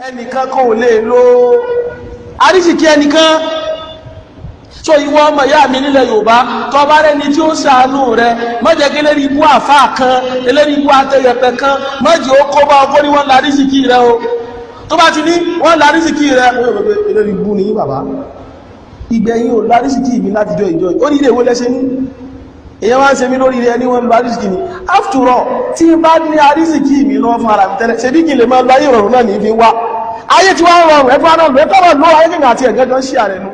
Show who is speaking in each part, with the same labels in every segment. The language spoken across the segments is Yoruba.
Speaker 1: ẹnìkan kò lè lo àríṣìkí ẹnìkan so ìwọ ọmọ ìyá mi nílẹ̀ Yorùbá tó bá rẹni tí ó ń ṣàánú rẹ má jẹ́ kí eléri ibú àfa kan eléri ibú atẹyẹpẹ kan má jẹ́ ó kó bá ọkọ ní wọ́n la àríṣìkí rẹ o tó bá ti ní wọ́n la àríṣìkí rẹ eléri ibú ni yín bàbá ìgbẹ̀yìn ò la àríṣìkí mi láti jọ ìjọ ó ní ilé ìwé lẹ́sẹ̀ ní èyàn wá ń ṣe mí lórí rẹ ní wọ́n lu àríṣìkí mi after all tí n bá ní àríṣìkí mi lọ́wọ́ fún ara mi tẹ́lẹ̀ ṣe kí n lè máa lo ayé ìrọ̀rùn náà ní fi wá ayé tí wọ́n ń rọrùn ẹ̀fọ́ náà lóye kọ́ náà ló ayé kìnìún àti ẹ̀gẹ́ jọ ń ṣe àrẹ̀ nu.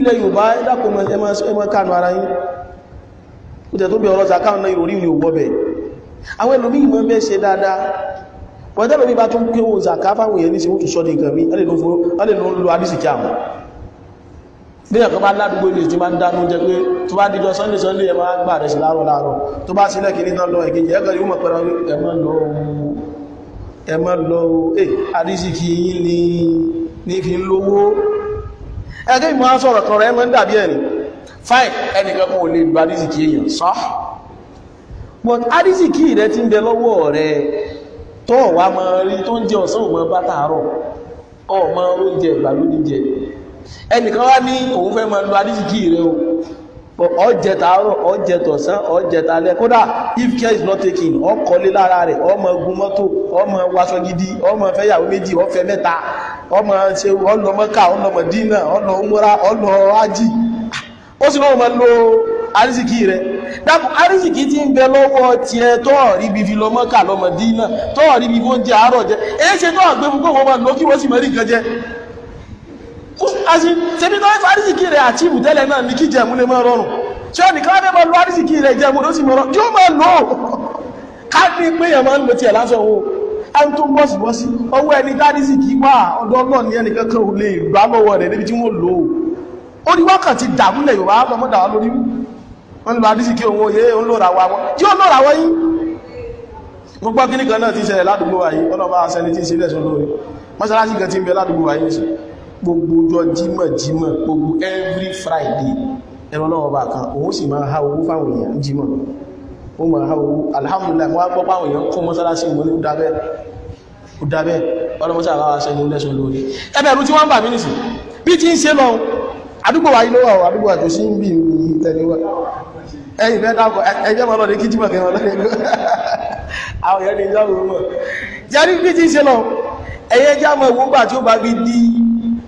Speaker 1: ilẹ̀ yorùbá dákun ẹ máa ẹ máa kànú ara yín kó tẹ̀ tó bí ọlọ́ta káwọn náà orí yóò wọ́ bẹ̀ àwọn ẹlòmíì mọ́ bẹ́ẹ̀ ṣe dáadáa wọ́n tẹ́lẹ̀ bí bá tún pé owó zàká fáwọn èèyàn nǹkan mi àwọn bí ẹ̀kọ́ bá ládùúgbò ilé tí máa ń dánú jẹ pé tó bá sunday sunday ẹ máa gbà rẹ̀ sí láàárọ̀ láàárọ̀ tó bá sílẹ̀ ẹ lọ eh àrísìkí yín ni ní fi ń lówó ẹgbẹ́ ìmọ̀ sọ̀rọ̀ kan rẹ̀ mọ́ ń dàbí ẹ̀rìn fine ẹnìkan kan ò lè gba àrísìkí èèyàn sọ́ but àrísìkí rẹ̀ ti ń bẹ lọ́wọ́ rẹ̀ tó wà mọ́ rí tó ń jẹ ọ̀sán ò mọ́ bá tààrọ̀ ọmọ oúnjẹ ìgbàlódé ẹnìkan wá ní òun fẹ́ máa lo àrísìkí rẹ̀ ọjẹ tàárọ̀ ọjẹ tọ̀sán ọjẹ tàlẹ́ kódà if care is not taken ọkọlé lára ọmọ ogun mọ́tò ọmọ waṣọ gidi ọmọ fẹ́yàwó méjì ọfẹ mẹta ọmọ ṣe ọlọ mọka ọlọ ọlọ ọlọ ó sì máa lo arísìkí ti ń bẹ lọ lọ jẹ ṣe asi ṣebí tó ń fa arísìkí rẹ̀ àti ìbùtẹ́lẹ̀ náà ní kí jẹ̀mú lè máa rọrùn tí ó nìkan fẹ́ máa lo arísìkí rẹ̀ jẹ̀mú ló sì mọ̀ rọrùn yóò máa lò ó ká ní pé yẹn máa ń lo tiẹ̀ lásán o ẹni tó ń bọ́sì bọ́sì ọwọ́ ẹni dárísìkí wà ọ̀dọ́ náà ní ẹnì kankan ò lè gbá lọ́wọ́ rẹ̀ níbi tí wọ́n lò ó ó ní wákàtí dààmú lẹ̀ yorùbá ọmọ dàwa lórí wọn ní dárísìkí òun òye òun lòrà wa wọn yóò lòrà wọ́n yín gbogbo kíníkan náà ti ṣẹlẹ̀ ládùúgbò wa yìí ọlọ́ba aṣẹni ti ń ṣe lẹ́sùn lórí mọ́ṣáláṣí kan ti ń bẹ ládùúgbò wa nìṣẹ́ gbogbo ọjọ́ jímọ̀ jímọ̀ gbogbo every friday ẹran náà ọba kan òun sì máa ha owó fáwọn èèyàn jímọ̀ ó máa ha owó alhamdulillah wọ́n á gbọ́ fáwọn èèyàn kó mọ́sálásí wọn ní dábẹ́ dábẹ́ ọlọ́mọsá àwọn aṣẹ ní lẹ́sùn lórí ẹbẹ̀ ẹ̀rú tí wọ́n ń bà mí nìsí bí ti ń ṣe lọ àdúgbò wa ilé wa àdúgbò àjò sí ń bì ní tẹ̀léwà ẹ̀yìn fẹ́ dákọ̀ ẹjẹ́ mọ́ lọ́dẹ kí jímọ̀ kẹwọn lọ́dẹ àwọn èèyàn ní ìjọ́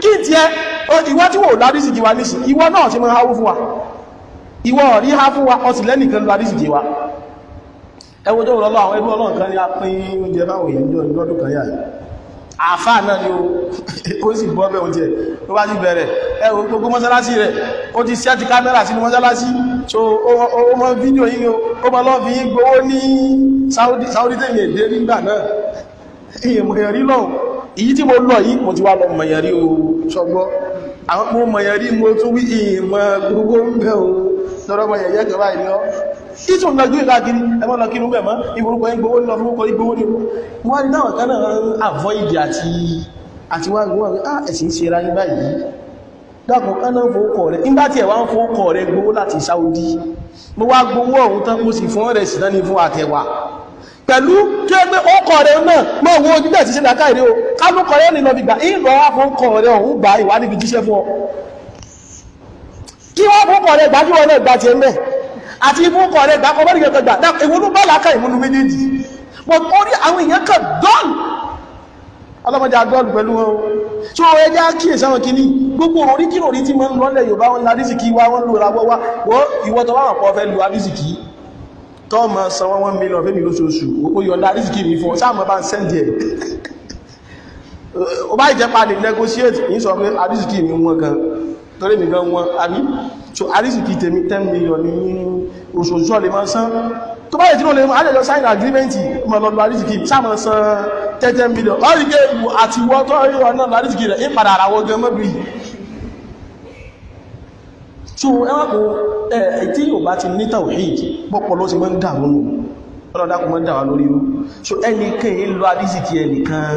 Speaker 1: kí n tiẹ́ ìwọ tí wò lárísì jí wa nísì ìwọ náà ṣe mọ́ háwó fún wa ìwọ rí há fún wa ọtí lẹ́nìkan lárísì jí wa ẹwọ́jọ́ ọlọ́lọ́ àwọn ẹgbẹ́ ọlọ́run kan ní apín oúnjẹ báwọn èèyàn jọ lọ́dún kan yáyìí àfà náà ni ó sì bọ́ bẹ́ oúnjẹ ló bá ti bẹ̀rẹ̀ ẹwọ́ gbogbo mọ́sálásí rẹ̀ ó ti sẹ́ẹ̀tì kámẹ́rà sínú mọ́sálásí so ó mọ́ fídíò yìí ó mọ́ lọ́ọ́ fi gbowó ní Saudi tẹ̀yìn èdè nígbà náà ìyẹ̀mọ̀ ẹ̀rí lọ́hùn èyí tí mo lọ yìí mo ti wá lọ mọ̀yẹ̀rí o ṣọgbọ́ àwọn mo mọ̀yẹ̀rí mo tún wí ìmọ̀ gbogbo ń bẹ̀ o lọ́rọ̀ mọ̀yẹ̀yẹ́ jọba ìlú ọ́ ìtùn lọ́jú ìlàgiri ẹmọ́ bẹ̀ mọ́ ìgbówó avoid àti àti wọ́n ah ẹ̀sìn ṣe ra nígbà yìí dákùn kánà fòókọ̀ rẹ̀ nígbà tí Saudi mo wá gbówó ọ̀hún tán mo sì fún rẹ̀ sí náà ní fún àtẹ̀wà pẹ̀lú kí ẹgbẹ́ ọkọ̀ rẹ̀ náà mọ́ owó ojúdẹ̀ sí ṣe dákàrí o kálùkọ̀ yóò nílọ gbígbà ìlọ afọ́nkọ̀ rẹ̀ ọ̀hún gbà ìwà níbi jíṣẹ́ fún ọ kí wọ́n fọ́nkọ̀ rẹ̀ gbà kí wọ́n náà gbà tiẹ̀ mẹ́ àti ìfọ́nkọ̀ rẹ̀ gbà kọ́mọ́rì kẹta gbà dá ìwúlú bá làákà ìmúlú méjèèjì but ó rí àwọn èèyàn kan dọ́ọ̀lù ọlọ́mọdé adọ́ọ̀lù pẹ̀lú wọn tí ó ẹjẹ́ kíyèsí àwọn kìíní gbogbo orí kí lórí tí mọ́ ń lọ́lẹ̀ Yorùbá wọn lárísìkí wá wọn lóra wọ́wá wọ́n ìwọ́ tọ́wọ́ àwọn pọ̀ fẹ́ lu àrísìkí tọ́ ma sanwọ́ 1 million fẹ́mi lóṣooṣù ó yọ lárísìkí mi fún sáàmọ́ bá ń sẹ́ndì ẹ̀ ó bá ìjẹ́pá lè negotiate ní sọ pé àrísìkì mi wọ́n gan torí mi gan wọ́n àbí so àrísìkì tèmi 10 million ní oṣooṣù ọ̀lẹ́ máa san tó bá ìjìnà olè máa lẹ́jọ sign agreement mọ̀ lọ́lọ́ àrísìkì sáàmà san 10 million ó rí gé ìwò àti wọ́ tó rí wọn náà àrísìkì rẹ̀ ń padà àràwọ̀ gan mọ́bí so ẹwọ́n kò ẹ̀ tí yóò bá ti ní tawhid bọ́pọ̀ ló ti mọ́ ń dà lónìí ọlọ́dá kò mọ́ ń dà wá lórí so ẹnìkan yìí lọ àrísìkì ẹnìkan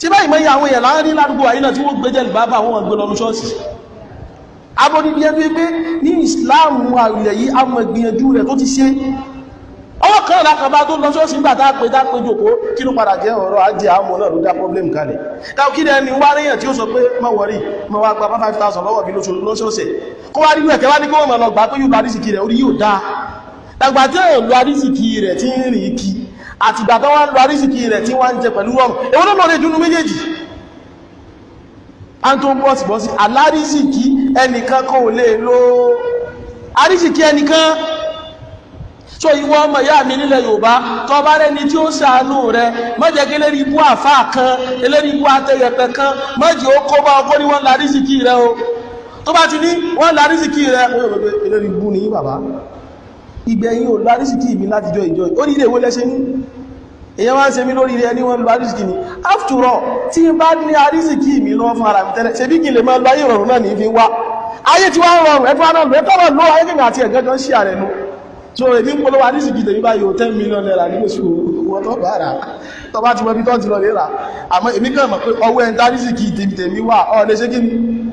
Speaker 1: tí báyìí mọ́ iye àwọn èèyàn láàrin ládùúgbò ayé náà tí wọ́n gbẹ́jẹ̀ bàbá àwọn gbé lọ ní ṣọ́ọ̀ṣì abọ́dídí ẹgbẹ́ pé ní ìsìláàmù àrìlẹ̀ yìí àwọn ìgbìyànjú rẹ̀ tó ti ṣe ọwọ́ kan lákàbá tó lọ ṣọ́ọ̀ṣì nígbà tá problem kalẹ̀ káwọn ni wá ríyàn tí ó sọ pé mọ́ wọ̀rí mọ́ wá gba 5000 lọ́wọ́ bí lóṣooṣẹ̀ kó wá nínú ẹ̀kẹ́ wá ní kó wọ́n mọ̀ lọ gbà pé yóò àtìgbà tó wá ń lo arísìkì rẹ̀ tí wọ́n ń jẹ pẹ̀lú ọrùn èwo ló lọ́rẹ̀ dúnú méjèèjì a ń tó bọ́ọ̀sì bọ́ọ̀sì alárísìkì ẹnìkan kò lè lo arísìkì ẹnìkan so ìwọ ọmọ ìyá mi nílẹ̀ Yorùbá tó bá rẹni tí ó ṣàánú rẹ má kí eléri ibú àfà kan eléri ibú atẹyẹpẹ kan má ó kó bá ọkọ ní wọ́n la arísìkì rẹ o tó bá ti ní wọ́n la arísìkì rẹ eléri ibú ni yín bàbá ìgbẹ̀yìn ò lárísìkì ìbí láti jọ ìjọ ó ní ilé ìwé lẹ́ṣẹ́ ní èyàn wá ń ṣe mí lórí rẹ̀ ní wọ́n lọ àrísìkì ní after all tí n bá ní àrísìkì mi lọ fún ara mi tẹ́lẹ̀ ṣe bí kí n lè máa lọ ayé ìrọ̀rùn náà ní fi wá ayé tí wọ́n rọrùn ẹ̀fọ́ náà lọ ẹ̀fọ́ náà lọ ayé kìnnà àti ẹ̀gán gan ṣí ààrẹ nu so èmi ń polówó àrísìkì tèmi báyìí ò ten million naira ní oṣù wọn tó bá rà tó bá ti mọ ibi tó ti lọ lè rà àmọ́ èmi kàn mọ̀ pé ọwọ́ ẹ̀ńtà àrísìkì tèmi tèmi wà ọ̀ lè ṣe kí ni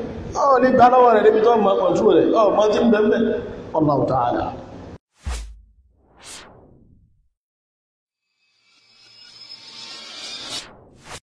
Speaker 1: ọ̀ ta'ala